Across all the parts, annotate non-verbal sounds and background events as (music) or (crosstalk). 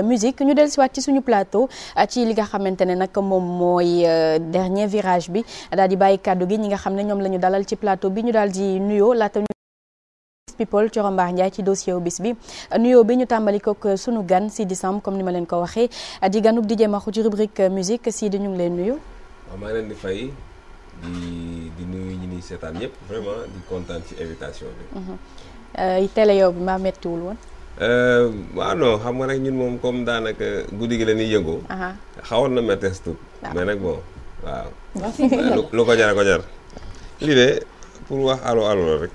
musique ñu dellu siwaat ci suñu plateau euh, ci li nga xamante ne nag moom mooy euh, dernier virage bi daal di bàyyi kàddu gi ñi nga xam ne ñoom la ñu dalal ci plateau bi ñu daal di nuyoo laata ñu people corombaar Ndiaye ci bis bi euh, nuyoo bi ñu tàmbali kook suñu gan si décembre comme ni ma leen ko waxee di ganub di jemaxu ci rubrique musique si di ñu ngi leen nuyu waaw leen di di di nuyu ni seetaan yëpp di kontaan ci invitation bi mhm. télé yow bi maa mettiwul woon Euh, waaw non xam nga rek ñun moom comme daanaka guddi gi la ñuy yëngoo. xawoon na méttees tuut. mais nag bon waaw. lu ko jar jar. lii de pour wax alo allo la rek.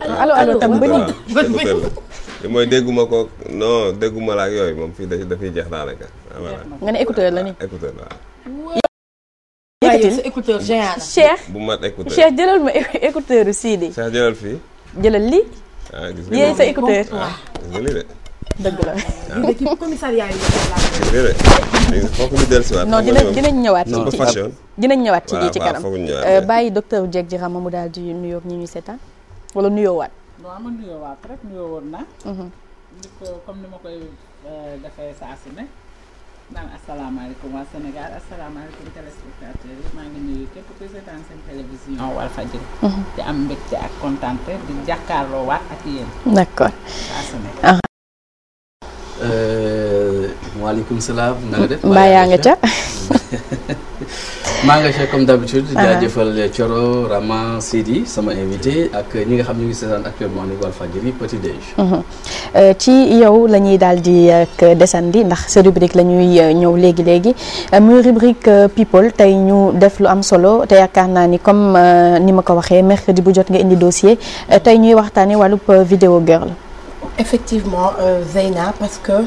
allo ah, allo tam ba nii (laughs) mooy dégguma ko non dégguma la ak yooyu moom fii dafay jeex daanaka. Ah, voilà nga ne écouteur la nii ah, écouteur waaw. yëkkatil bu mat écouteur Cheikh jëlal ma écouteur Sidi. Cheikh jëlal fii. jëlal lii. ah gis nga sa écouteur ah, waaw gis nga dëgg la. waaw ah. lii de euh, ñëwaat. ci ci kanam. Euh, bàyyi docteur Dieg Diarra mu daal di nuyoo ñi ñu seetaan wala nuyoowaat. nuyoo woon naa. di mhm. ma koy euh, naan asalaamaaleykum waa Sénégal asalaamaaleykum téléspectateurs yi maa ngi nuyu képp kuy seetaan seen télévision Walfadjri mhm. di am mbégte ak kontante di jàkkaarloo waat ak yéen d'accord ah. euh, waaleykum salaam na nga def mbaa yaa nga ca (laughs) maa nga ci comme d'habitude ah. jaajëfal Thioro Rama Sidi sama invité ak ñi nga xam ñu ngi seetaan actuellement ni Walfadjri petit déj mhm. euh, ci yow la ñuy daal di ak desandi ndax sa rubrique la ñuy euh, ñëw léegi léegi euh, muy rubrique people tey ñu def lu am solo te yaakaar naa ni comme ni ma ko waxee mercredi bu jot nga indi dossier tey ñuy waxtaanee wàllub vidéo girl effectivement euh, Zeyna parce que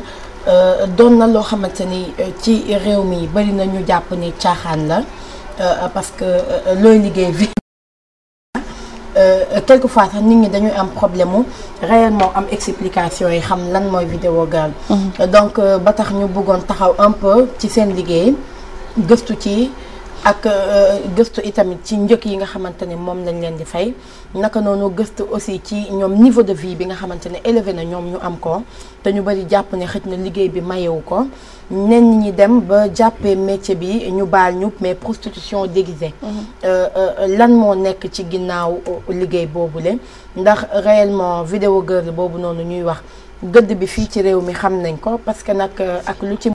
doon na loo xamante ni ci réew mi bari na ñu jàpp ni caaxaan la Euh, parce que euh, looy liggéey vie euh, quelquefois sax nit ñi dañuy am problème mu réellement am explication yi xam lan mooy vidéo girl mhm. donc ba tax ñu bëggoon taxaw un peu ci seen liggéey gëstu ci ak euh, gëstu itamit ci njëkk yi nga xamante ne moom lañ leen di fay naka noonu gëstu aussi ci ñoom niveau de vie bi nga xamante ne élevé na ñoom ñu am ko te ñu bari jàpp ne xëj na liggéey bi mayewu ko ñenn ñi dem ba jàppee métier bi ñu baal ñu mais prostitution déguisée mhm. euh, euh, lan moo nekk ci ginnaaw liggéey boobu boobule ndax réellement vidéo girl boobu noonu ñuy wax gëdd bi fii ci réew mi xam nañ ko parce que nag ak lu ci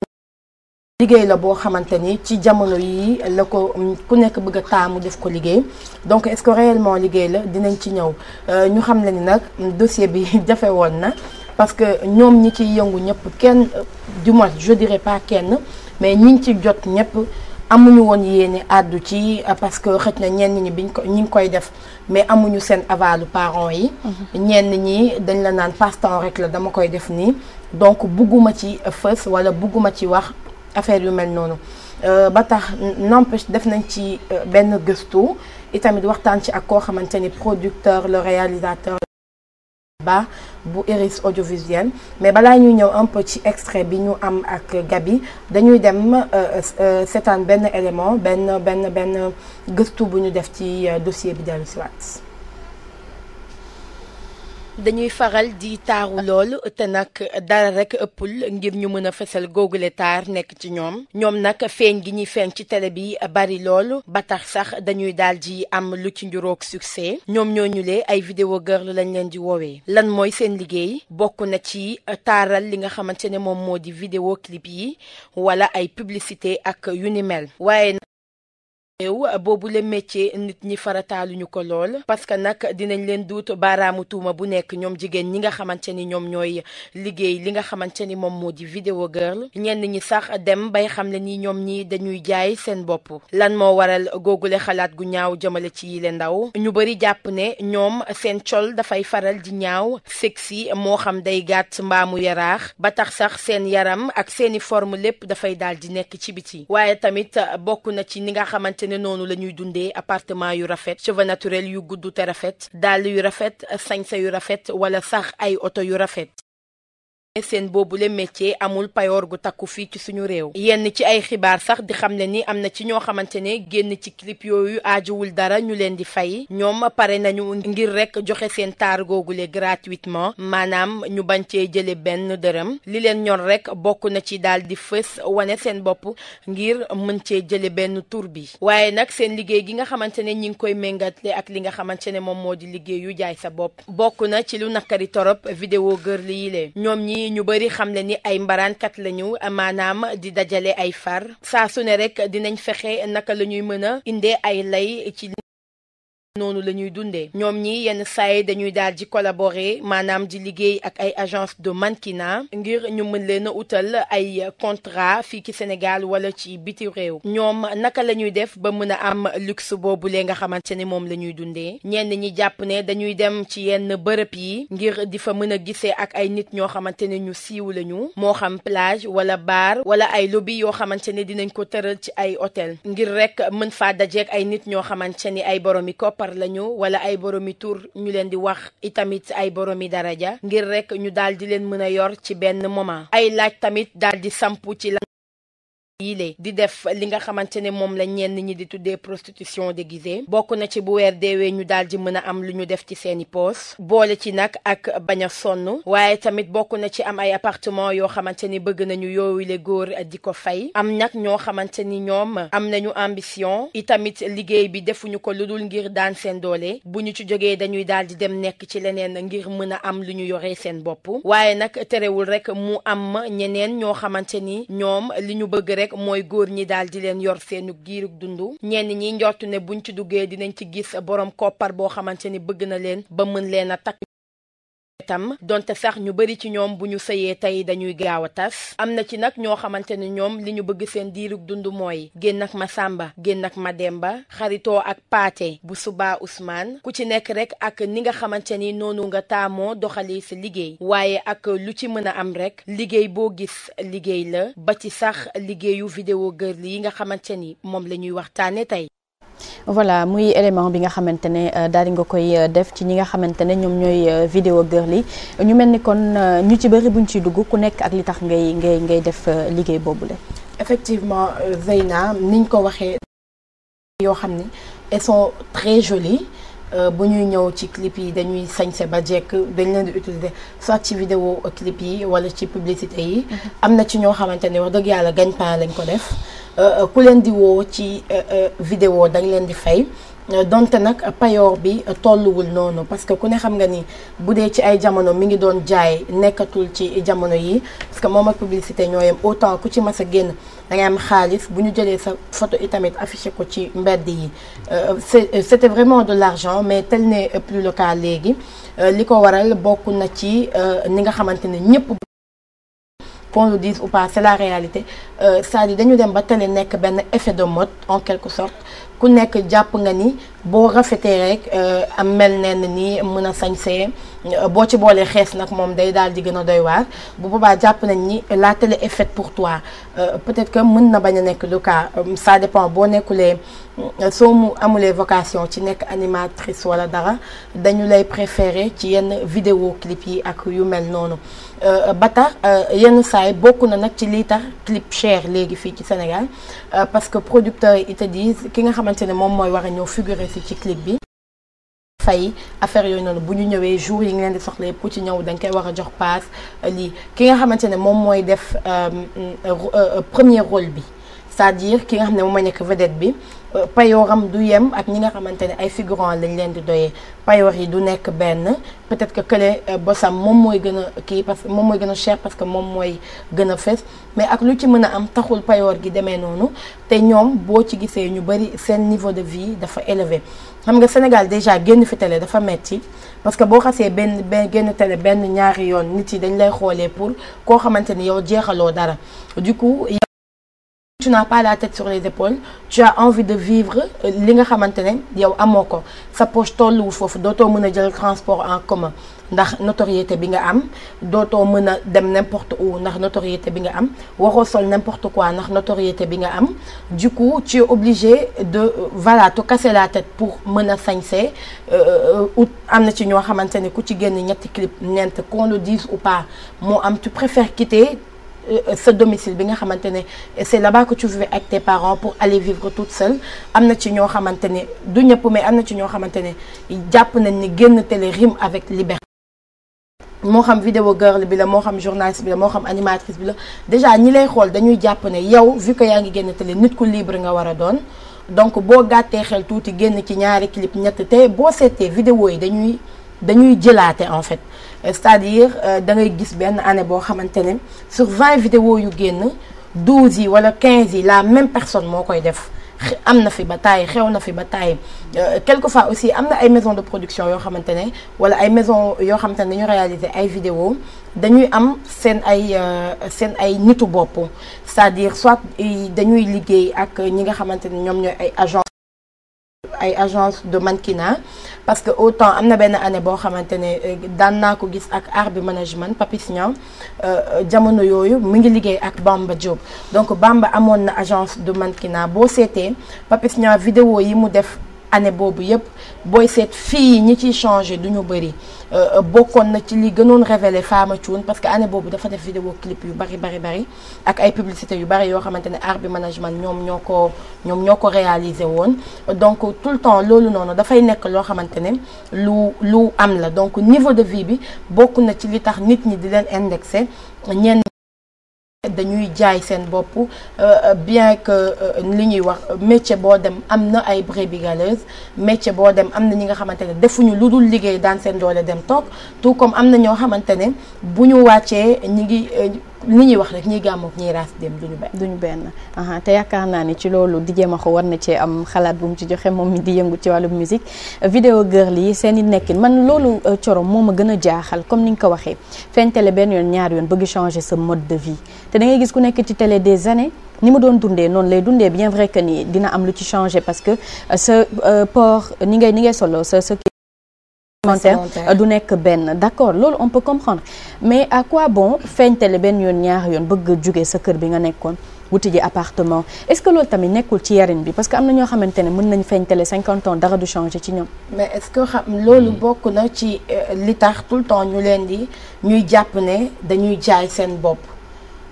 liggéey la boo xamante ni ci jamono yi la ko mm, ku nekk bëgg a taamu def ko liggéey donc est-ce que réellement liggéey la dinañ ci ñëw euh, ñu xam la ni nag dossier bi (laughs) jafe woon na parce que ñoom ñi ciy yëngu ñëpp kenn du moins je dirais pas kenn mais ñi ci jot ñëpp amuñu woon yéene àddu ci parce que xëj na ñenn ñi biñ ko ñi ngi koy def mais amuñu seen avalu parents yi. Mhm. ñenn ñi dañ la naan passe-temps rek la dama koy def nii donc bugguma ci fës wala bugguma ci wax. affaire yu mel noonu euh, ba tax n'empêche def nañ ci euh, benn gëstu itamit waxtaan ci ak koo xamante ni producteur le réalisateur ba bu Iris audiovisuel mais balaa ñuy ñëw un ci extrait bi ñu am ak Gabi dañuy dem euh, seetaan benn élément benn benn benn gëstu bu ñu def ci dossier bi dellu siwaat dañuy faral di taaru lool te nag dara rek ëppul ngir ñu mën a fesal googule taar nekk ci ñoom ñoom nag feeñ gi ñuy feeñ ci tele bi bari lool ba tax sax dañuy daal di am lu ci njuróog succès ñoom ñooñu lee ay vidéo girl lañ leen di woowee lan mooy seen liggéey bokk na ci taaral li nga xamante ne moom moo di vidéo clip yi wala ay publicité ak yu ni mel waaye néew boobule métier nit ñi farataaluñu ko lool parce que nag dinañ leen duut baaraamu tuuma bu nekk ñoom jigéen ñi nga xamante ni ñoom ñooy liggéey li nga xamante ni moom moo di vidéo girl ñenn ñi sax dem bay xam le ni ñoom ñi dañuy jaay seen bopp lan moo waral googule xalaat gu ñaaw jëmale ci yile ndaw ñu bëri jàpp ne ñoom seen col dafay faral di ñaaw sexy moo xam day gàtt mbaamu yaraax ba tax sax seen yaram ak seeni forme lépp dafay daal di nekk ci biti waaye xamante ne noonu la ñuy dundee appartement yu rafet cheveux naturels yu gudd te rafet dàll yu rafet sañsa yu rafet wala sax ay oto yu rafet seen boobule métier amul payoor gu takku fii ci suñu réew yenn ci ay xibaar sax di xam ne ni am na ci ñoo xamante ne génn ci clip yooyu aajuwul dara ñu leen di fay ñoom pare nañu ngir rek joxe seen taar googule gratuitement maanaam ñu bañ cee jële benn dërëm li leen ñor rek bokk na ci daal di fës wane seen bopp ngir mën cee jële benn tur bi waaye nag seen liggéey gi nga xamante ne ñi ngi koy méngatle ak li nga xamante ne moom moo di liggéey yu jaay sa bopp bokk na ci lu nakari torop vidéo gër li yile ñu bëri xam le ni ay mbaraankat lañu maanaam di dajale ay far saa su ne rek dinañ fexe naka la ñuy mën a indee ay lay ci noonu la ñuy dundee ñoom ñi yenn saa dañuy daal di collaborer maanaam di liggéey ak ay agence de mannequinat ngir ñu mën leen a utal ay contrat fii ci Sénégal wala ci biti réew ñoom naka la ñuy def ba mën a am lux boobu lee nga xamante ne moom la ñuy dundee ñenn ñi jàpp ne dañuy dem ci yenn bërëb yi ngir di fa mën a gisee ak ay nit ñoo xamante ne ñu siiw lañu moo xam plage wala bar wala ay lobby yoo xamante ne dinañ ko tëral ci ay hôtel ngir rek mën faa dajeek ay nit ñoo xamante ni ay boroomi kopp koppar lañu wala ay boromi tur ñu leen di wax itamit ay boromi daraja ngir rek ñu daal di leen mën a yor ci benn moment ay laaj tamit daal di samp ci lan yile di def li nga xamante ne moom la ñenn ñi di tuddee prostitution dégisé bokk na ci bu weer deewee ñu daal di mën a am lu ñu def ci seeni poos boole ci nag ak baña sonn waaye tamit bokk na ci am ay appartement yoo xamante ni bëgg nañu yooyule góor di ko fay am nag ñoo xamante ni ñoom am nañu ambition itamit liggéey bi defuñu ko lu dul ngir daan seen doole bu ñu ci jógee dañuy daal di dem nekk ci leneen ngir mën a am lu ñu yore seen bopp waaye nag terewul rek mu am ñeneen ñoo xamante ni ñoom li ñu bëgg rek mooy góor ñi daal di leen yor seenu giirug dundu ñenn ñi njortu ne buñ ci duggee dinañ ci gis borom koppar boo xamante ni bëgg na leen ba mën leen a takk tam donte sax ñu bari ci ñoom bu ñu sëyee tey dañuy gaaw a tas am na ci nag ñoo xamante ne ñoom li ñu bëgg seen diirug dund mooy génn ak ma sàmba génn ak ma demba xaritoo ak paate bu subaa usmaan ku ci nekk rek ak ni nga xamante ni noonu nga taamoo doxali sa liggéey waaye ak lu ci mën a am rek liggéey boo gis liggéey la ba ci sax liggéeyu video gër yi nga xamante ni moom la ñuy waxtaane tey voilà muy élément bi nga xamante ne euh, daal di nga koy euh, def ci ñi nga xamante ne ñoom ñooy euh, vidéo girl yi ñu mel ni kon ñu ci bëri buñ ciy dugg ku nekk ak li tax ngay ngay ngay def liggéey boobu boobule. effectivement Zeyna niñ ko waxee yoo xam ni elles sont très jolies bu ñuy ñëw ci clip yi dañuy sañse ba jekk dañ leen di soit ci vidéo clip yi wala ci publicité yi mhm. am na ci ñoo xamante ne wax dëgg yàlla gagne-pain lañ ko def Euh, euh, ku leen di woo ci euh, vidéo dañ leen di fay donte nag payoor bi tolluwul noonu parce que ku ne xam nga ni bu dee ci ay jamono mi ngi doon jaay nekkatul ci jamono yi parce que moom ak publicité ñoo yem autant ku ci mas a génn da am xaalis bu ñu jëlee sa photo itamit affiché ko ci mbedd yi c'était vraiment de l'argent mais tel n'est plus le léegi li ko waral bokk na ci ni nga xamante ne ñëpp qu'on le dise ou pas c'est la réalité euh, cest à dañu dem ba télé nekk benn effet de mode en quelque sorte ku nekk jàpp nga ni boo rafetee rek euh, am mel nenn ni mën a sañsee Euh, boo ci boolee xees nag moom day daal di gën a doy waar bu boobaa jàpp nañ ni la télé est faite pour toi euh, peut-être que mën na bañ a nekk lu cas euh, ça dépend boo nekkulee soo mu amulee vocation ci nekk animatrice wala dara dañu lay préférer ci yenn vidéo clip yi ak yu mel noonu ba tax yenn saay bokk na nag ci liita clip cher léegi fii ci Sénégal parce que producteur yi te disent ki nga xamante ne moom mooy war a ñëw figurer si ci clip bi fay affaire yooyu noonu bu ñu ñëwee jour yi nga leen di soxla yëpp ku ci ñëw da nga koy war a jox paas euh, lii ki nga xamante ne moom mooy def euh, euh, premier rôle bi c'est-à-dire ki nga xam ne moom ma nekk vedette bi am du yem ak ñi nga xamante ne ay figurant lañ leen di doyee payoor yi du nekk benn peut-être que kële bosam moom mooy gën a kii parce que moom mooy gën a cher parce que moom mooy gën a fës mais ak lu ci mën a am taxul payoor gi demee noonu te ñoom boo ci gisee ñu bari seen niveau de vie dafa élevé xam nga Sénégal déjà génn fi télé dafa metti parce que boo xasee benn benn génn télé benn ñaari yoon nit yi dañ lay xoolee pour koo xamante ni yow jeexaloo dara du coup tu n'as la tête sur les épaules tu as envie de vivre euh, li nga xamante ne yow amoo ko sa poche tolluwu foofu dootoo mën a jël transport en commun ndax notoriété bi nga am dootoo mën a dem n'importe où ndax notoriété bi nga am waroo sol n'importe quoi ndax notoriété bi nga am du coup tu es obligé de euh, voilà te casser la tête pour mën a sañse out euh, am na ci ñoo xamante ne ku ci génn ñetti clip ñeent qu'on le dise ou pas moo am tu préfères kité Euh, sa domicile bi nga xamante ne c'est là-bas que tu vivais avec tes parents pour aller vivre toute seule am na ci ñoo xamante ne du ñëpp mais am na ci ñoo xamante ne jàpp nañ ni génn télé rime avec liberté. moo xam video girl bi la moo xam journaliste bi la moo xam animatrice bi la déjà ñi lay xool dañuy jàpp ne yow vu yaa ngi génn télé nit ku libre nga war a doon donc boo gàttee xel tuuti génn ci ñaari clip ñett te boo seetee vidéo yi dañuy dañuy jëlaate en fait. c'est-à-dire euh, da gis benn année boo xamante ne sur 20 vidéos yu génn 12 yi wala quinze yi la même personne moo koy def am na fi ba tàyyi xew na fi ba tàyyi euh, quelquefois aussi am na ay maison de production yoo xamante ne wala ay maison yoo xamante ne dañu réaliser ay video dañuy am seen ay euh, seen ay nitu bopp c'est-à-dire soit dañuy liggéey ak ñi nga xamante ne ñoom ñooy ay agent ay agence de mannequinat parce que autant am na benn année boo xamante ne euh, daan naa ko gis ak art bi management Papis Niang euh, euh, jamono yooyu mu ngi liggéey ak Bamba Diop donc Bamba amoon na agence de mannequinat boo seetee Papis Niang vidéo yi mu def année boobu yëpp booy seet fii ñi ciy changé du ñu bëri euh, euh, bokkoon na ci li gënoon révélé Fama Thioune parce que année boobu dafa def vidéo clip yu bari bari bari ak ay publicité yu bari yoo xamante ne art bi management ñoom ñoo ko ñoom ñoo ko réaliser woon donc tout le temps loolu noonu dafay nekk loo xamante ne lu lu am la donc niveau de vie bi bokk na ci li tax nit ñi di leen indexé ñenn dañuy jaay seen bopp euh, euh, bien que euh, li ñuy wax métier boo dem am na ay brebis métier boo dem am na ñi nga xamante ne defuñu lu dul liggéey daan seen doole dem toog tout comme am na ñoo xamante ne bu wàccee ñi ngi li ñuy wax rek ñiy gàmmoog ñi raas dem duñu benn. duñu benn te yaakaar naa ne ci loolu di DJ Makho war na cee am xalaat bu mu ci joxe moom mi di yëngu ci wàllu musique. vidéo girl yi seen i nekkin man loolu euh, corom moo ma gën a jaaxal comme ni nga ko waxee feeñ télé benn yoon ñaar yoon bëgg changer sa mode de vie te da gis ku nekk ci télé des années. ni mu doon dundee noonu lay dundee bien vrai que ni dina am lu ci changé parce que euh, sa euh, port ni ngay ni ngay solo sa sa commentaire du nekk benn d'accord loolu on peut comprendre mais à quoi bon feeñtale benn yoon ñaar yoon bëgg jóge sa kër bi nga nekkoon wuti ji appartement est-ce que loolu tamit nekkul ci yarin bi parce que am na ñoo xamante mën nañ feeñtale cinquante ans dara du changer mais est-ce que hmm. bokk na ci euh, li tax tout le temps ñu leen di ñuy jàpp ne dañuy jaay seen bopp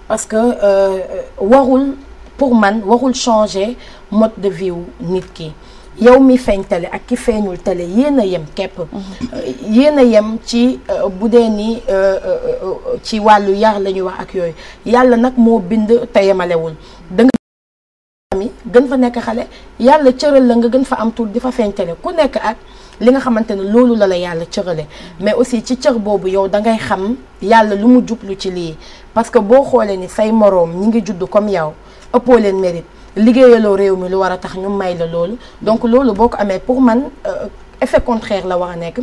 parce que euh, warul pour man warul changer mode de vie wu nit ki yow mi feeñ télé ak ki feeñul tele yéen a yem képp mhm. yéen a yem ci euh, bu dee ni euh, euh, ci wàllu yar la ñuy wax ak yooyu yàlla nag moo bind te yemalewul da nga gën fa nekk xale yàlla cëral la nga gën fa am tur di fa feeñ télé ku nekk ak li nga xamante ne loolu la la yàlla cërale mhm. mais aussi ci cër boobu yow dangay xam yàlla lu mu jublu ci lii parce que boo xoolee ni say moroom ñi ngi juddu comme yow ëppoo leen mérite liggéeyaloo réew mi lu war a tax ñu may la loolu donc loolu boo ko amee pour man euh, effet contraire la war a nekk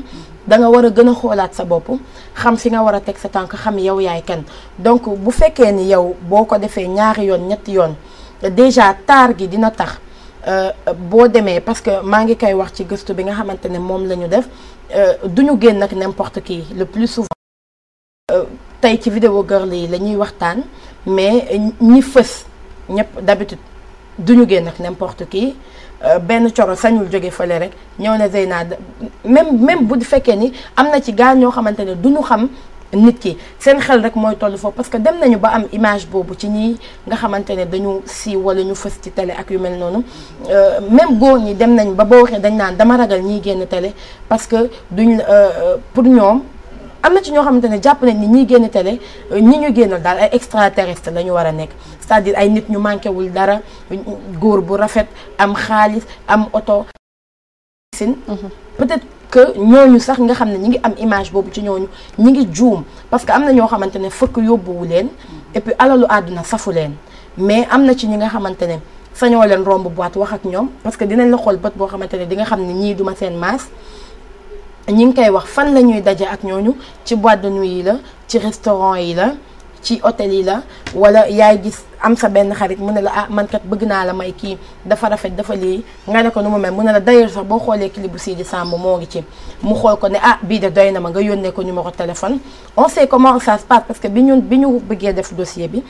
da nga war a gën a xoolaat sa bopp xam si nga war a teg sa tànk xam yow yaay kenn donc bu fekkee ni yow boo ko defee ñaari yoon ñetti yoon déjà taar gi dina tax euh, boo demee parce que maa ngi koy wax ci gëstu bi nga xamante ne moom la ñu def euh, du ñu génn ak n'importe qui le plus souvent tey ci vidéo girl yi la ñuy waxtaan mais ñi fës ñëpp d'habitude duñu génn ak n'importe qui euh, benn coro sañul jóge fële rek ñëw na Zeyna même même bu fekkee ni am na ci gaa ñoo xamante ne ñu xam nit ki seen xel rek mooy toll foofu parce que dem nañu ba am image boobu ci ñi nga xamante ne dañu siiw wala ñu fës ci télé ak yu mel noonu euh, même góor ñi dem nañ ba boo waxee dañ naan dama ragal ñiy génn tele parce que duñ euh, pour ñoom. am na ci ñoo xamante ne jàpp nañ ni ñiy génn télé ñi ñu génnal daal ay extraterrestre la ñu war a nekk cest dire ay nit ñu manqué wul dara góor bu rafet am xaalis am oto sin peut-être que ñu sax nga xam ne ñi ngi am image boobu ci ñooñu ñi ngi juum parce que am na ñoo xamante ne fëkk yóbbuwu leen et puis alalu àdduna safu leen mais am na ci ñi nga xamante ne sañoo leen romb boîte wax ak ñoom parce que dinañ la xool bët boo xamante ne di nga xam ne ñii duma seen maas ñi ngi koy wax fan la ñuy daje ak ñooñu ci boîte de nuit yi la ci restaurant yi la ci hôtel yi la wala yaay gis am sa benn xarit mu ne la ah man bëgg naa la may kii dafa rafet dafa lii nga ne ko nu mu mel mu ne la d'ailleurs boo xoolee clip bu Samb moo ngi ci mu ko ne ah bii de doy na ma nga yónnee ko numéro téléphone on sait comment ça se passe parce que bi ñun bi ñu bëggee def dossier bi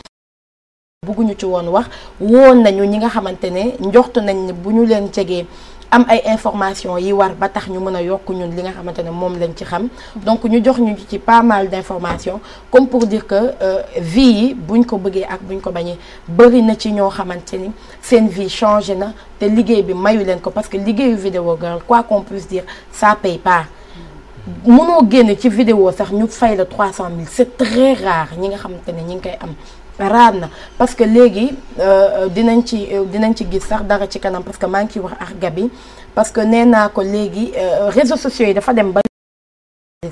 bëgguñu ci woon wax woon nañu ñi nga xamante ne njoxtu nañ ne bu ñu leen jegee am ay information yi war ba tax ñu mën a yokk ñun li nga xamante ne moom lañ ci xam donc ñu jox ñu ci pas mal d'informations comme pour dire que euh, vie yi buñ ko bëggee ak buñ ko bañee bëri na ci ñoo xamante ni seen vie changé na te liggéey bi mayu leen ko parce que liggéeyu vidéo girl quoi qu'on puisse dire ça paye pas mënoo génn ci vidéo sax ñu fay la mille c'est très rare ñi nga xamante ne ñi ngi koy am raar na parce que léegi euh, euh, dinañ ci euh, dinañ ci gis sax dara ci kanam parce que maa ngi ciy wax argabi parce que nee naa ko léegi réseaux sociaux yi dafa dem ba yi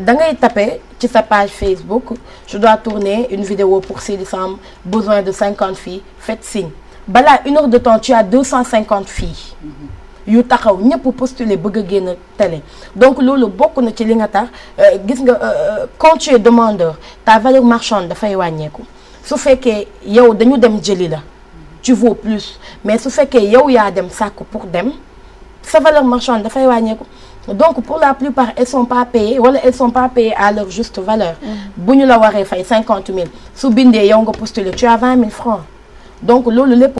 da ngay taper ci sa page Facebook je dois tourner une vidéo pour de cinquante filles faites balaa une de temps tu as cent cinquante filles mm-hmm. yu taxaw ñëpp postuler bëgg a génn télé donc loolu bokk na ci li nga tax euh, gis nga euh, euh, quand tu es demandeur ta valeur marchande dafay wàññeeku su fekkee yow dañu dem jëli la tu vaux plus mais su fekkee yow yaa dem sàkk pour dem sa valeur marchande dafay wàññeeku donc pour la plupart elles sont pas payées wala elles sont pas payées à leur juste valeur mm. bu ñu la waree fay cinquante mille su bindee yow nga postuler tu as vingt mille francs donc loolu lépp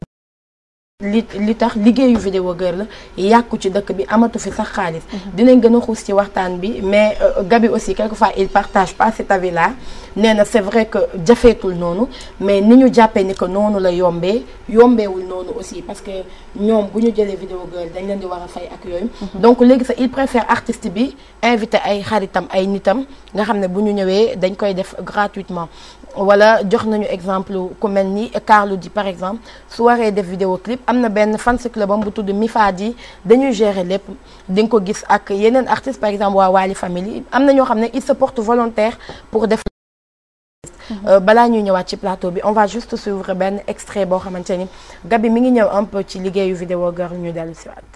li li tax liggéeyu vidéo gër la yàqu ci dëkk bi amatu fi sax xaalis dinañ gën a xuus ci waxtaan bi mais euh, Gabi aussi quelquefois il partage pas cet avis là na c'est vrai que jafeetul noonu mais ni ñu jàppee ni que noonu la yombee yombeewul noonu aussi parce que ñoom bu ñu jëlee vidéo gër dañ leen di war a fay ak yooyu mhm. donc léegi sax il préfère artiste bi invité ay xaritam ay nitam nga xam ne bu ñu ñëwee dañ koy def gratuitement wala jox nañu exemple ku mel ni Carlou D par exemple su waree def vidéo clip am na benn fans club am bu tudd Mifadi dañuy gérer lépp di nga ko gis ak yeneen artistes par exemple waa Wali Family am na ñoo xam ne ils se portent volontaires pour def mhm. euh, balaa ñuy ñëwaat ci plateau bi on va juste suivre benn extrait boo xamante ni Gabi mi ngi ñëw un peu ci liggéeyu vidéo gar ñu dellu si waat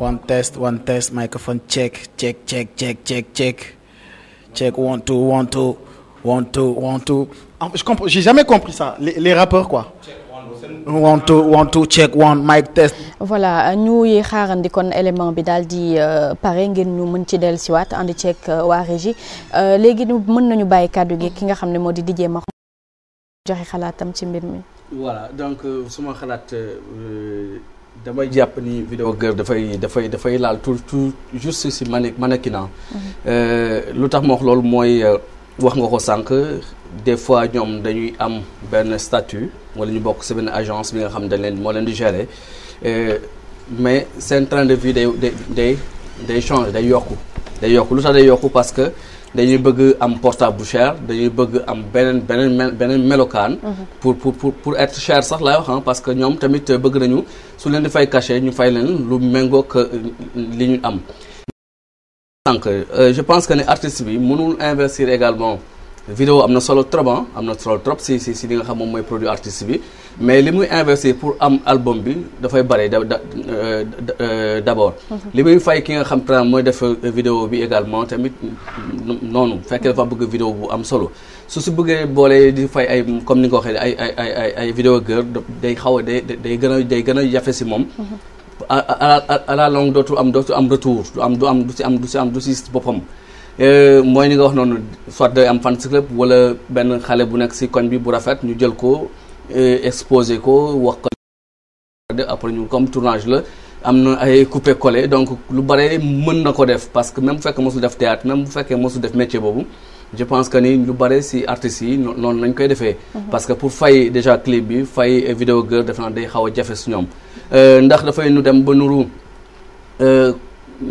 one check one two one two one two one two ah, je comprends jamais compris ça les, les quoi. one two one two check one mic test. voilà ñuy xaarandi kon élément bi daal di euh, pare ngir ñu mën ci dellusiwaat ànd ceeg euh, waa régie euh, léegi mën nañu bàyyi kàddu gi ki nga xam ne moo di DJ Max joxe xalaatam ci mbir mi. voilà donc suma xalaat. damay jàpp ni vidéo gër dafay dafay dafay laal tout tout juste si mani mannequinat ah. mhm. euh, lu tax ma wax loolu mooy euh, wax nga ko sànq des fois ñoom dañuy am benn statut wala ñu bokk si benn agence bi nga xam dañ leen moo leen di gérer euh, mais seen train de vie day day day day changer day yokk day yokku lu tax day yokku parce dañuy bëgg am portable bu cher dañuy bëgg am beneen beneen melokaan. Mhm. pour pour pour pour être cher sax laay wax parce que ñoom tamit bëgg nañu su leen di fay cachet ñu fay leen lu méngoog euh, li ñu am. donc euh, je pense que ne artiste bi mënul investir également. vidéo am na solo trop ah, am na solo trop si si si li nga xam moom mooy produit artiste bi mais li muy investir pour am album bi dafay bare da euh, d' euh, abord. Mhm. li muy fay ki nga xam mooy def vidéo bi également tamit noonu bu fekkee dafa bëgg vidéo bu am solo su si bëggee boole di fay ay comme ni nga ko waxee ay ay ay ay ay vidéo gër day xaw a day day gën a day gën a jafe si moom. a mhm. à à la longue dootul am dootul am retour du am du am si am du si am du si boppam. Euh, mooy ni nga wax noonu soit day am fans club wala benn xale bu nekk ci koñ bi bu rafet ñu jël ko euh, exposé ko wax ko après ñu comme tournage la am na ay coupé collé donc lu bare mën na ko def parce que même bu fekkee mosul def théâtre même bu fekkee mosul def métier boobu je pense que nii lu bare ci artistes yi noonu lañ koy defee. Mhm. parce que pour fay déjà clip bi fay vidéo girl def naa day xaw a jafe su ñoom. Euh, ndax dafay nu dem ba nuru ki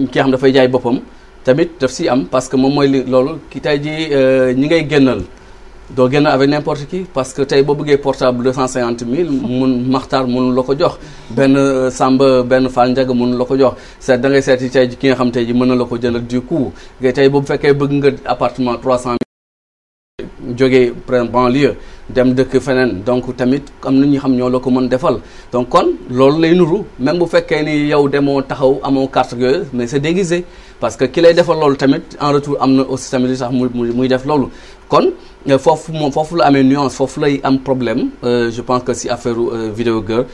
nga xam dafay jaay boppam. tamit daf si am parce que moom mooy li loolu ki tey jii euh, ñi ngay génnal doo génn avec n'importe qui parce que tey boo bëggee portable deux cent cinquante mille mun maxtaar mënul la ko jox benn euh, Samba benn Fall Ndiaga mënul la ko jox seet da ngay seeti tey ki nga xam tey ji mën na la ko jëndal du coup nga tey bu fekkee bëgg nga appartement trois cent mille jógee par banlieue dem dëkk feneen donc tamit am na ñuy xam ñoo la ko mën defal donc kon loolu lay nuru même bu fekkee ni yow demoo taxaw amoo carte yooyu mais c'est déguisé parce que ki lay defal loolu tamit en retour am na aussi tamit li tax muy def loolu kon euh, foofu moom foofu la amee nuance foofu lay am problème euh, je pense que si affaire euh, vidéo girl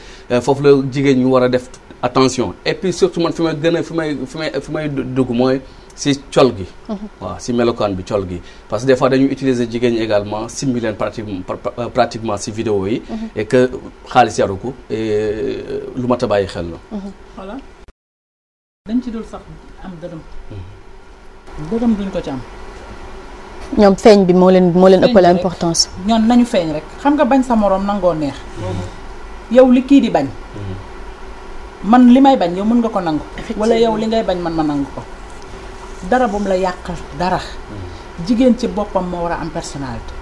foofu la jigéen ñu war a def attention et puis surtout man fi may gën a fi may fi may fi may dugg mooy si col gi. Mhm. waaw si melokaan bi col gi parce que des fois dañuy utiliser jigéen ñi également simbi leen pratiquement pratiquement si vidéo yi. Mhm. et que xaalis yaru ko et lu mat bàyyi xel la. Mhm. dañ ci dul sax am dërëm. Mm-hmm. dërëm duñ ko ci am. ñoom feeñ bi moo leen moo leen importance. ñoon nañu feeñ rek xam nga bañ sa moroom nangoo neex. Mm-hmm. yow li kii di bañ. Mm-hmm. man li may bañ yow mën nga ko nangu. wala yow li ngay bañ mën ma nangu ko. dara bu la yàq dara. jigéen ci boppam moo war a am personnalité.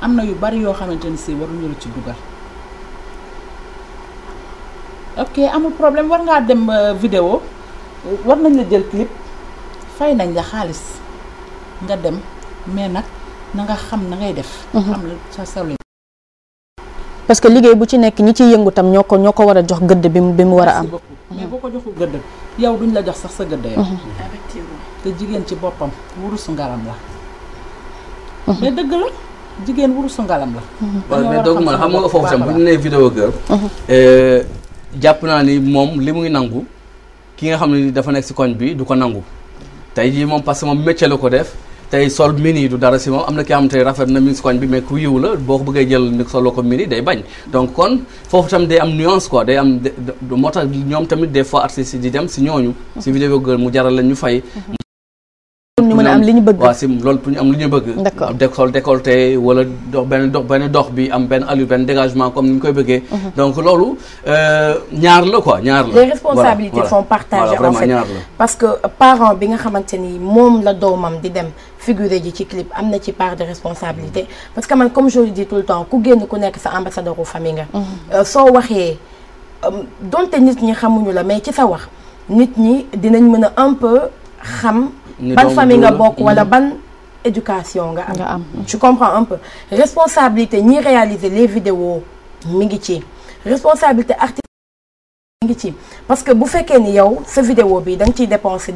am na yu bari yoo xamante ni si waruñu la ci dugal. ok amul problème war ngaa dem euh, vidéo war nañ la jël clip fay nañ la xaalis nga dem mais nag na nga xam na ngay def xam mhm. la parce que liggéey bu ci nekk ñi ci yëngutam tam ñoo ko ñoo ko war a jox gëdd bi mu bi mu war a am mais boo ko joxul gëdd yow duñ la jox sax sa gëdd yow mhm. te jigéen ci boppam wurusu ngalam la mhm. mais dëgg la jigéen wurusu ngalam la waaw mais dooguma la xam nga foofu tam bu ñu nee vidéo girl euh, jàpp naa ni moom li muy nangu ki nga xam ne dafa nekk si koñ bi du ko nangu tey jii moom parce que moom métier la ko def tey sol mini du dara si moom am na ki nga xam rafet na mi ngi si koñ bi mais ku yiw la boo ko bëggee jël ni soloo ko mini day bañ donc kon foofu tam day am nuance quoi day am moo tax ñoom tamit des fois artistes yi di dem si ñooñu si vidéo gër mu jaral la ñu fay ñu mën a am li ñu bëgg waaw si loolu pour ñu am li ñu bëgg d'accord décolleté wala dox benn dox benn bi am benn dégagement comme ni ñu koy bëggee mhm. donc loolu euh, ñaar la quoi ñaar la parce que parent bi nga xamante ni moom la doomam di dem figuré ji ci clip am na ci part de responsabilité mhm. parce que man comme je le dis tout le temps ku génn ku nekk sa ambassadeur famille nga mhm. euh, soo waxee euh, donte nit ñi xamuñu la mais ci sa wax nit ñi dinañ mën a un peu xam ban famille nga bokk wala mm. ban éducation nga am mm. tu comprends un peu responsabilité ñi réaliser les vidéos mi ngi ci responsabilité artistique ngi ci parce que bu fekkee ni yow sa vidéo bi da nga ciy dépenser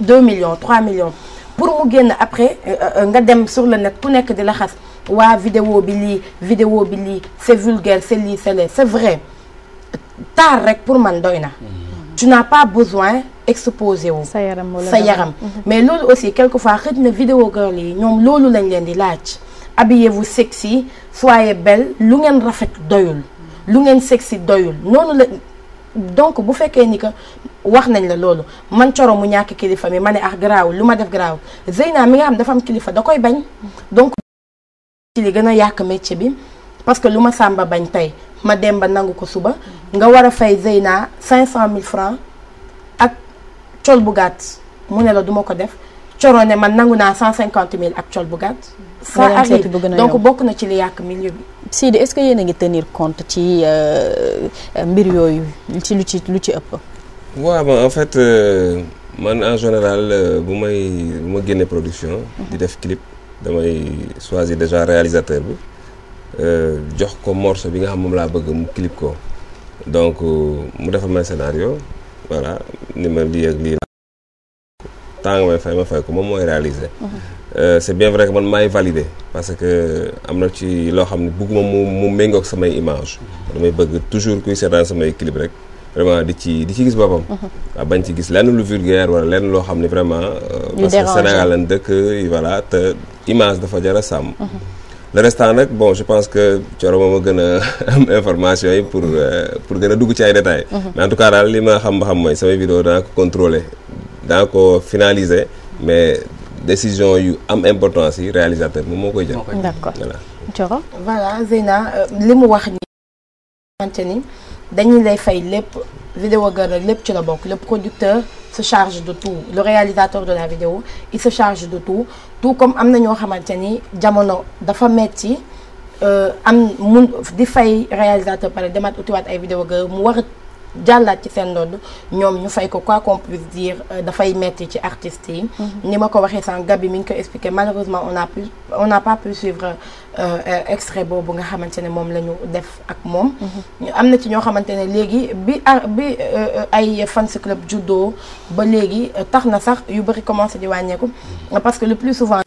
deux millions trois millions pour mu génn après euh, euh, nga dem sur le net ku nekk di laxas xas waa vidéo bi lii vidéo bi lii c'est vulgaire c'est lii c'est laid c'est vrai taar rek pour man doy na mm. tu n'as pas besoin exposé wu sa yaram sa yaram mhm. mais loolu aussi quelquefois xëj na vidéo girl yi ñoom loolu lañ leen di laaj habillez-vous sexy soyez bel lu ngeen rafet doyul lu ngeen sexy doyul noonu la donc bu fekkee ni que wax nañ la loolu man coro mu ñàkk kilifa mi ma ne ah garaawul lu ma def garaawul Zeyna mi nga xam dafa am kilifa da koy bañ donc ci li gën a yàq métier bi parce que lu ma sàmba bañ tey ma dem ba nangu ko suba nga war a fay Zeyna cinq cent mille col bu gàtt mu ne la duma ko def coro ne man nangu naa cent cinquante mille ak col bu gàtt ça arrive donc bokk na ci li yàq milieu bi Sidi est-ce que yéen a ngi tenir compte ci euh, euh, mbir yooyu ci lu ci lu ci ëpp waaw bon en fait euh, man en général bu may bu ma génnee production mhm. di def clip damay choisir déjà réalisateur bi jox ko morceau bi nga xam moom laa bëgg mu clip ko donc mu defal ma scénario voilà li ma lii ak lii temps nga may fay ma fay ko moom mooy réaliser. Mhm. Euh, c' est bien vrai que man maay valider parce que am na ci loo xam ne ma mu mu méngoog samay image damay bëgg toujours kuy seetaan samay clip rek vraiment di ci di ci gis boppam. Mhm. waaw bañ ci gis lenn lu vulgaire wala lenn loo xam ne vraiment. Euh, parce que Sénégal lañ dëkk voilà te image dafa jar a sàmm. Mhm. le restant nag bon je pense que Thioro moom a gën information yi pour euh, pour gën a dugg ci ay détails mhm. mais en tout cas daal li ma xam ma xam mooy samay vidéo danaa ko contrôler danaa ko finaliser mais décision yu am importance yi réalisateur moom moo koy jël d'accord voilà Thioro voilà Zeyna euh, li wax ni dañuy lay fay lépp vidéo gara lépp ci la bokk le producteur se charge de tout le réalisateur de la vidéo il charge de tout tout comme am na ñoo xamante ni jamono dafa metti euh, am mun di fay réalisateur pare demaat utiwaat ay vidéo ga mu war jàllaat ci seen ndodd ñoom ñu fay ko quoi qu'on puisse dire euh, dafay metti ci artistes yi mm-hmm. ni ma ko waxee sànq bi mi ngi koy expliqué malheureusement on na pu on n'a pas pu suivre euh, euh, extrait boobu nga xamante ne moom la ñu def ak moom mm-hmm. am na ci ñoo xamante ne léegi bi bi ay fans club judo ba léegi tax na sax yu bëri commencé di wàññeeku mm-hmm. parce que le plus souvent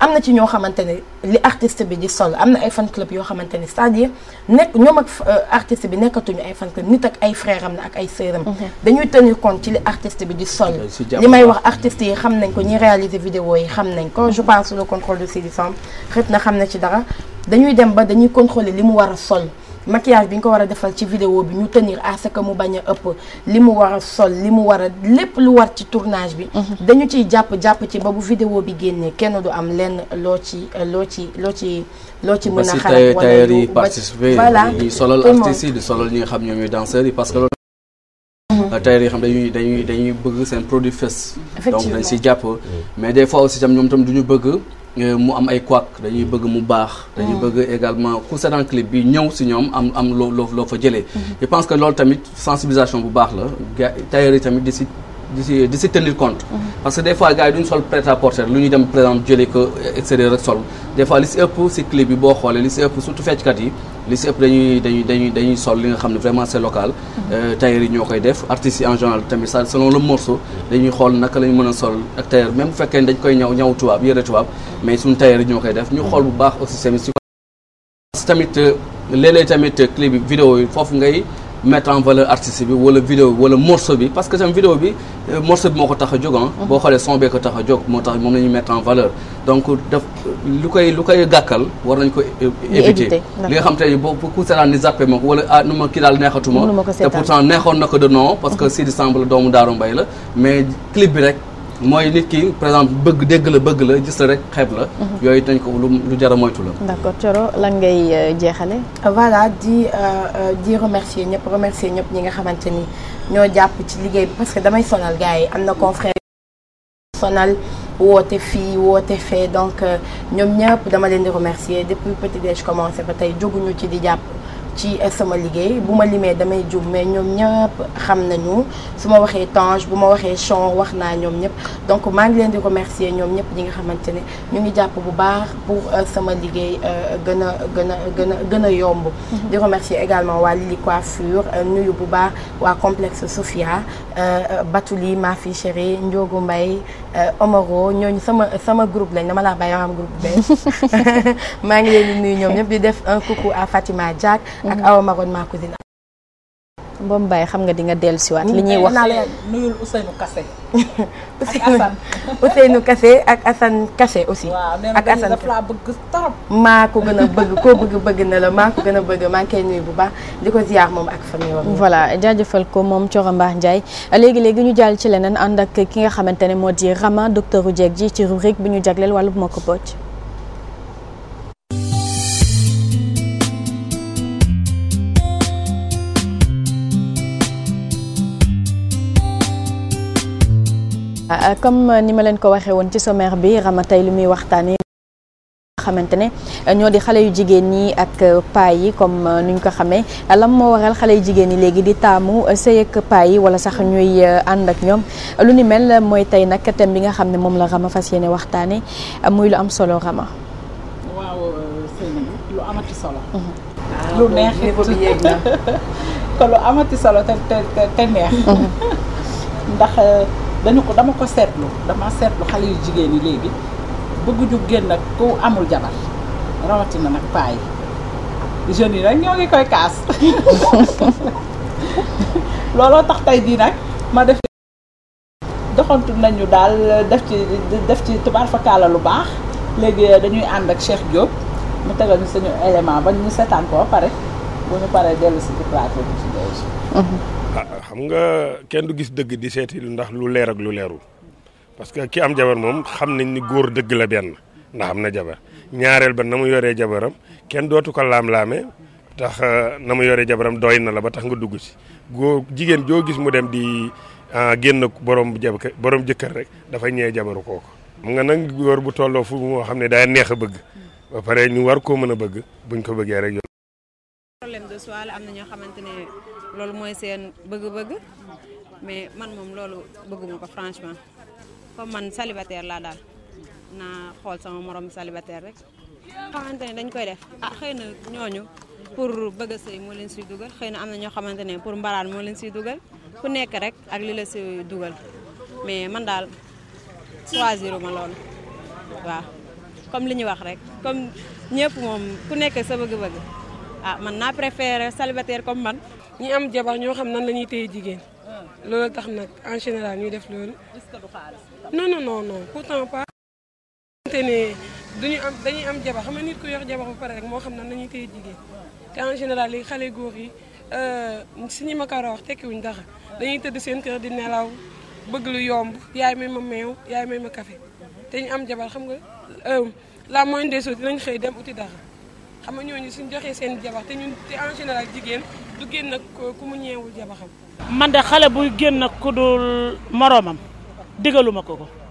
am na ci ñoo xamante ne li artiste bi di sol am na ay fan club yoo xamante ne c'est-à-dire nekk ñoom ak euh, artiste bi nekkatuñu ay fan club nit ak ay frère am na ak ay sœur am mhm. dañuy tenir compte ci li artiste bi di sol li may wax artistes yi xam nañ ko ñi réaliser vidéo yi xam nañ ko je pense le contrôle de Sidi Samb xët na xam na ci dara dañuy dem ba dañuy contrôler li mu war a sol maquillage bi nga ko war a defal ci vidéo bi ñu tenir à ce mu bañ a ëpp li mu war sol li mu war lépp lu war ci tournage bi mhm. dañu ciy jàpp jàpp ci ba bu vidéo bi génnee kenn du am lenn loo ci loo ci loo ci loo ci mën a xalaat wala yi participer voilà di solal artistes di solal ñi xam ñoom ñooy danseurs yi parce que mhm. euh, tailleur yi xam dañuy dañuy dañuy bëgg seen produit fes donc dañ si jàpp mhm. mais des fois aussi tam ñoom tam duñu bëgg Euh, mu am ay couac dañuy bëgg mu baax dañuy bëgg également ku seetaan clip bi ñëw si ñoom am am loo loo loo fa jëlee mm-hmm. je pense que loolu tamit sensibilisation bu baax la tailleurs tamit di si di si tenir compte. parce que des fois sol prêt à lu ñu dem par exemple jëlee ko extérieur ak sol des fois li si ëpp si clip bi boo xoolee li si ëpp surtout fecckat yi li si ëpp dañuy dañuy dañuy sol li nga xam ne vraiment c'est local. Euh, tailleur yi ñoo koy def artistes yi en général tamit ça selon le morceau dañuy xool naka lañ mën a sol ak tailleur même bu fekkee dañ koy ñaw ñaw tubaab yëre tubaab mais suñu tailleur ñoo koy def ñu xool bu baax aussi tamit. tamit euh, léeg tamit euh, clip bi yi foofu ngay. mettre en valeur artiste bi wala vidéo bi wala morso bi parce que tam vidéo bi euh, morceau bi moo ko tax a jóg ah. mhm. boo xoolee son bee ko tax a jóg moo tax moom nañu ñuy mettre en valeur donc daf lu koy lu koy gàkkal war nañ ko éviter li nga xam te ne boobu ku seetaan ni zappé ma ko wala ah nu ma kii daal neexatuma te pourtant neexoon na ko de non parce que mhm. Sidi Samb la doomu Daaru Mbay la mais clip bi rek mooy nit ki par exemple bëgg dégg la bëgg la gis rek xeeb la. Mhm. yooyu dañ ko lu lu jar a moytu la. d'accord Thioro lan ngay euh, jeexale. voilà di euh, euh, di remercier ñëpp remercier ñëpp ñi nga xamante ni ñoo jàpp ci liggéey bi parce que damay sonal gars yi am na confrère sonal woote fii woote fee donc ñoom ñëpp dama leen di remercier depuis petit déj commencé ba tey jóguñu ci di jàpp. ci sama liggéey bu ma limee damay jub mais ñoom ñëpp xam nañu su ma waxee Tange bu ma waxee Chon wax naa ñoom ñëpp donc maa ngi leen di remercier ñoom ñëpp ñi nga xamante ni ñu ngi jàpp bu baax pour euh, sama liggéey euh, gën a gën a gën a gën a yomb. Mhm. di remercier également waa Lili Coiffure euh, nuyu bu baax waa complexe Sofia Batuli Mafi Chéri Ndiogo Mbaye Euh, Omaro ñooñu sama sama groupe lañ dama laa bàyyi xam groupe benn (laughs) maa ngi leen di ñoom ñëpp di def un coucou fatiment Fatima Diack ak Awa Maron ma cousine mboom bàyyi xam nga di nga dellusiwaat. Mm. li ñuy eh, wax nuyul Ousseynou Kassé. (laughs) (laughs) Ousseynou Kassé ak Assane Kassé aussi. ak Assane bëgg trop. maa ko gën a bëgg koo bëgg bëgg na la maa ko gën a bëgg maa ngi bu baax di ko ziar moom ak famille wam. voilà jaajëfal ko moom Thioro Mbacke Ndiaye léegi léegi ñu jàll ci leneen ànd ak ki nga xamante ne moo di Rama docteur Dieg ji ci rubrique bu ñu jagleel bu ma ko bocc. Euh, comme euh, ni ma leen ko waxee woon ci sommaire bi Rama tey lu muy waxtaane xamante ne euh, ñoo di xale yu jigéen ñi ak paa yi comme nuñ ko xamee lan moo waral xale yu jigéen ñi léegi di taamu sëy ak paa yi wala sax ñuy ànd ak ñoom lu ni mel mooy tey nag thème bi nga xam ne moom la Rama fas yéene waxtaane muy lu am solo Rama. lu mhm. ah, neex. (laughs) Mhm. ndax. dañu ko dama ko seetlu dama seetlu xale yu jigéen ñi léegi bëgguñu génn nag ku amul jabar rawatina nag paa yi jeunes yi nag ñoo ngi koy kaas (laughs) looloo tax tey jii nag ma def doxantu nañu daal def ci def ci tubaar fa lu baax léegi dañuy ànd ak Cheikh Diop mu tegal ñu suñu élément ba ñu seetaan ko pare bu ñu paree dellu si ci plateau bi ci Ah, xam nga kenn du gis dëgg di seeti ndax lu leer ak lu leerul parce que ki am jabar moom xam nañ ni góor dëgg la benn ndax am na jabar ñaareel ba na mu yoree jabaram kenn dootu ko laam-laame tax ah, na mu yoree jabaram doy na la ba tax nga dugg ci góor jigéen joo gis mu dem di ah, génn borom jab borom jëkkër rek dafay ñëwee jabaru kooku. xam nga nag góor bu tolloo fu moo xam ne daay neex a bëgg ba pare ñu war koo mën a bëgg buñ ko bëggee rek. problème loolu mooy seen bëgg-bëgg mais man moom loolu bëgguma ko franchement comme man célibataire laa daal naa xool sama morom célibataire rek xamante ne dañ koy def ah xëy na ñooñu pour bëgg a sëy moo leen siy dugal xëy na am na ñoo xamante ne pour mbaraan moo leen siy dugal ku nekk rek ak li la si dugal mais man daal choisiruma loolu waaw comme li ñu wax rek comme ñëpp moom ku nekk sa bëgg-bëgg ah man naa préféré célibataire comme man ñi am jabax ñoo xam nan la ñuy téye jigéen loolu tax nag en général ñuy def loolu. non non non non pourtant pas. xamante ne duñu am dañuy am jabar xam nga nit yor jabar ba pare rek moo xam nan la ñuy téye jigéen te en général léegi xale góor yi euh, si ñi ma ko war a wax dañuy tëdd seen kër di nelaw bëgg lu yomb yaay may ma meew yaay may ma kafe te ñu am jabar xam nga euh, la moindre des choses dinañ xëy dem uti dara xam nga ñooñu ñu joxee seen jabax te ñu te en général jigéen. du génn ak ku mu ñeewul jabaxam man de xale buy génn ak ku dul moroomam digaluma ko ko